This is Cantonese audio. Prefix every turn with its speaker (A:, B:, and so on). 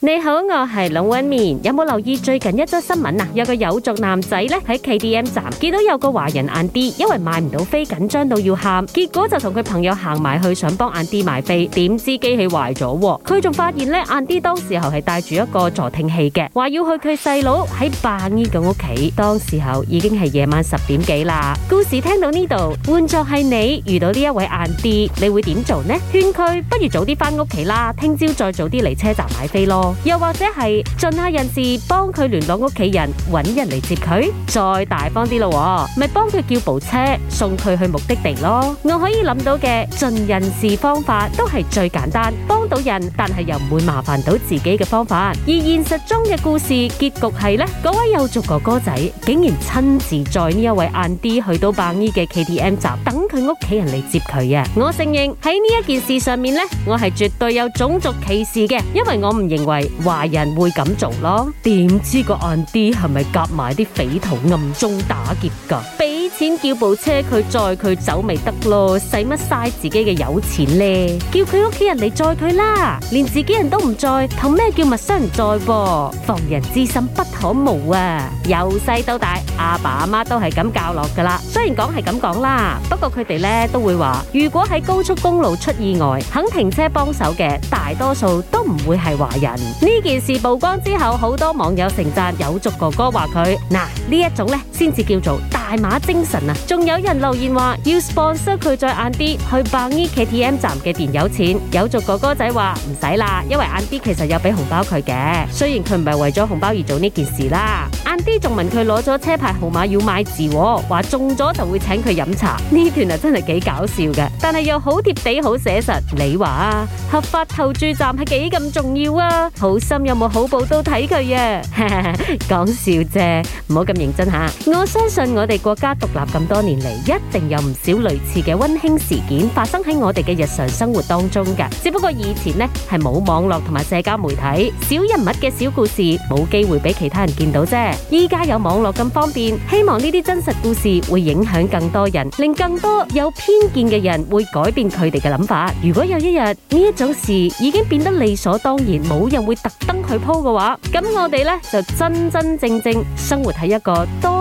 A: 你好，我係龍威面。有冇留意最近一則新聞啊？有個有族男仔咧喺 K D M 站見到有個華人眼 D，因為買唔到飛緊張到要喊，結果就同佢朋友行埋去想幫眼 D 買飛，點知機器壞咗、啊。佢仲發現咧眼 D 當時候係戴住一個助聽器嘅，話要去佢細佬喺八衣嘅屋企。當時候已經係夜晚十點幾啦。故事聽到呢度，換作係你遇到呢一位眼 D，你會點做呢？勸佢不如早啲翻屋企啦，聽朝再早啲嚟車站買飛咯。又或者係盡下人事幫佢聯絡屋企人，揾人嚟接佢，再大方啲咯，咪幫佢叫部車送佢去目的地咯。我可以諗到嘅盡人事方法都係最簡單，幫到人，但係又唔會麻煩到自己嘅方法。而現實中嘅故事結局係咧，呢位友族哥哥仔竟然親自載呢一位晏啲去到白衣嘅 KTM 站等佢屋企人嚟接佢啊！我承認喺呢一件事上面咧，我係絕對有種族歧視嘅，因為我唔認為。華人會咁做咯，點知個 Auntie 係咪夾埋啲匪徒暗中打劫噶？先叫部車佢載佢走，咪得咯，使乜嘥自己嘅油錢呢？叫佢屋企人嚟載佢啦，連自己人都唔載，同咩叫陌生人載噃？防人之心不可無啊！由細到大，阿爸阿媽都係咁教落噶啦。雖然講係咁講啦，不過佢哋咧都會話，如果喺高速公路出意外，肯停車幫手嘅，大多數都唔會係華人。呢件事曝光之後，好多網友盛讚友族哥哥話佢嗱呢一種咧，先至叫做。大馬精神啊！仲有人留言話要 sponsor 佢再晏啲去 Bangi KTM 站嘅電油錢。巫族哥哥仔話唔使啦，因為晏啲其實有俾紅包佢嘅，雖然佢唔係為咗紅包而做呢件事啦。晏啲仲問佢攞咗車牌號碼要買字，話中咗就會請佢飲茶。呢段啊真係幾搞笑嘅，但係又好貼地好寫實。你話啊，合法投注站係幾咁重要啊？好心有冇好報都睇佢啊！講笑啫，唔好咁認真吓。我相信我哋國家獨立咁多年嚟，一定有唔少類似嘅温馨事件發生喺我哋嘅日常生活當中嘅。只不過以前呢，係冇網絡同埋社交媒體，小人物嘅小故事冇機會俾其他人見到啫。依家有網絡咁方便，希望呢啲真實故事會影響更多人，令更多有偏見嘅人會改變佢哋嘅諗法。如果有一日呢一種事已經變得理所當然，冇人會特登去 po 嘅話，咁我哋咧就真真正正生活喺一個。